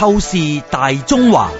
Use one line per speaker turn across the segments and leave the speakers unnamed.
透視大中華，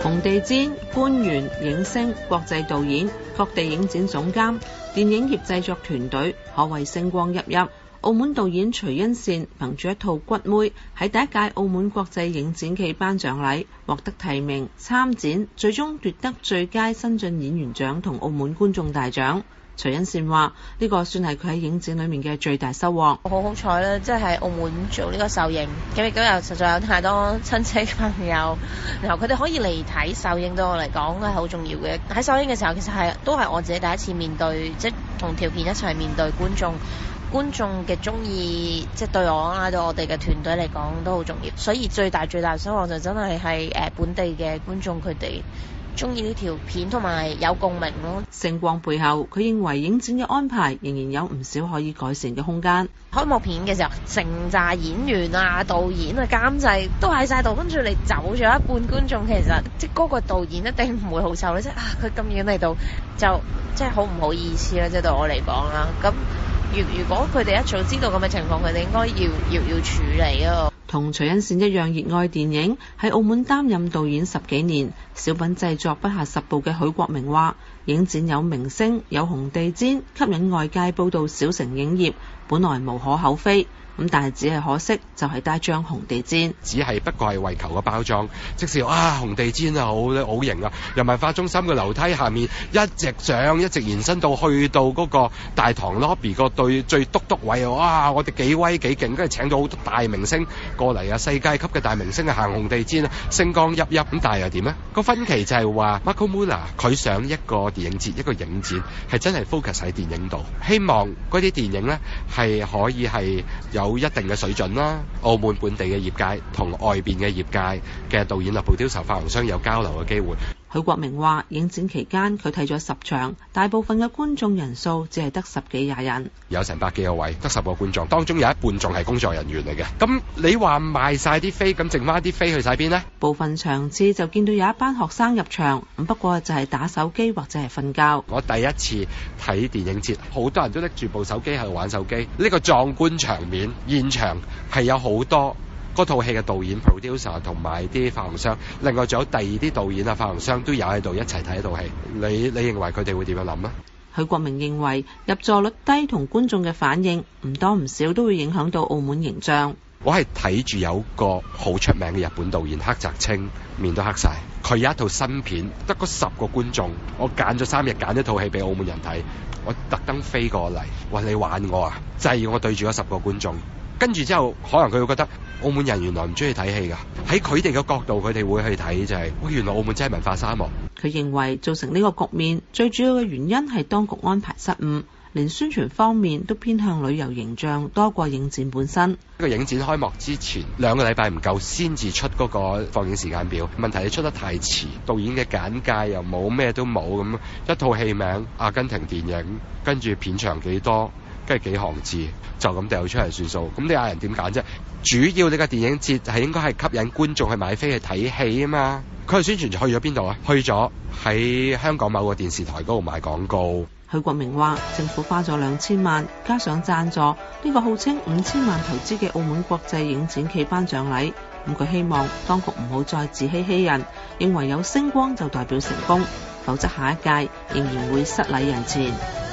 紅地毯、官員、影星、國際導演、各地影展總監、電影業製作團隊可謂星光熠熠。澳門導演徐恩善憑住一套《骨妹》，喺第一屆澳門國際影展暨頒獎禮獲得提名參展，最終奪得最佳新晉演員獎同澳門觀眾大獎。徐欣善話：呢個算係佢喺影展裏面嘅最大收穫。我好
好彩啦，即係喺澳門做呢個首映，今日今日實在有太多親戚朋友，然後佢哋可以嚟睇首映，對我嚟講係好重要嘅。喺首映嘅時候，其實係都係我自己第一次面對，即係同條片一齊面對觀眾，觀眾嘅中意，即係對我，再到我哋嘅團隊嚟講都好重要。所以最大最大收穫就真係係誒本地嘅觀眾佢哋。中意呢條片同埋有，有共鳴咯。盛況背後，佢認為
影展嘅安排仍然有唔少可以改善嘅空間。
開幕片嘅時候，成紮演員啊、導演啊、監製都喺晒度，跟住你走咗一半觀眾，其實即嗰個導演一定唔會好受，即係佢咁遠嚟到，就即係好唔好意思啦。即係對我嚟講啦，咁如如果佢哋一早知道咁嘅情況，佢哋應該要要要處理咯。
同徐恩善一樣熱愛電影，喺澳門擔任導演十幾年，小品製作不下十部嘅許國明話：影展有明星，有紅地氈，吸引外界報道小城影業，本來無可厚非。咁但係只係
可惜，就係帶張紅地氈，只係不過係為求個包裝。即使啊，紅地氈啊好，好型啊，由文化中心個樓梯下面一直上，一直延伸到去到嗰個大堂 lobby 嗰度最篤篤位。啊，我哋幾威幾勁，跟住請到好多大明星。過嚟啊！世界級嘅大明星啊，行紅地毯啊，星光熠熠咁，但係又點咧？個分歧就係話 Marco Müller 佢上一個電影節一個影展，係真係 focus 喺電影度，希望嗰啲電影咧係可以係有一定嘅水準啦。澳門本地嘅業界同外邊嘅業界嘅導演同布條籌發行商有交流嘅機會。許國明話，影展期間佢睇咗十場，
大部分嘅觀眾人數只係得十幾廿人，
有成百幾個位，得十個觀眾，當中有一半仲係工作人員嚟嘅。
咁你話賣晒啲飛，咁剩翻啲飛去晒邊呢？部分場次就見到有
一班學生入場，咁不過就係打手
機或者係瞓覺。
我第一次睇電影節，好多人都拎住部手機喺度玩手機，呢個壯觀場面現場係有好多。嗰套戲嘅導演 producer 同埋啲發行商，另外仲有第二啲導演啊，發行商都有喺度一齊睇一套戲。你你認為佢哋會點樣諗啊？許國明
認為入座率低同觀眾嘅反應唔多唔少都會影響到澳門形
象。我係睇住有個好出名嘅日本導演黑澤清，面都黑晒，佢有一套新片，得嗰十個觀眾，我揀咗三日揀一套戲俾澳門人睇，我特登飛過嚟。喂，你玩我啊？就係我對住嗰十個觀眾。跟住之後，可能佢會覺得澳門人原來唔中意睇戲㗎，喺佢哋嘅角度，佢哋會去睇就係，哇！，原來澳門真係文化沙漠。
佢認為造成呢個局面最主要嘅原因係當局安排失誤，連宣傳方面都偏向旅遊形象多過影展本身。
呢個影展開幕之前兩個禮拜唔夠，先至出嗰個放映時間表。問題你出得太遲，導演嘅簡介又冇咩都冇咁，一套戲名阿根廷電影，跟住片長幾多？跟係幾行字，就咁掉出嚟算數。咁你嗌人點揀啫？主要呢個電影節係應該係吸引觀眾去買飛去睇戲啊嘛。佢係宣傳去咗邊度啊？去咗喺香港某個電視台嗰度賣廣告。許國明
話：政府花咗兩千萬，加上贊助，呢個號稱五千萬投資嘅澳門國際影展暨頒獎禮。咁佢希望當局唔好再自欺欺人，認為有星光就代表成功，否則下一屆仍然會失禮人前。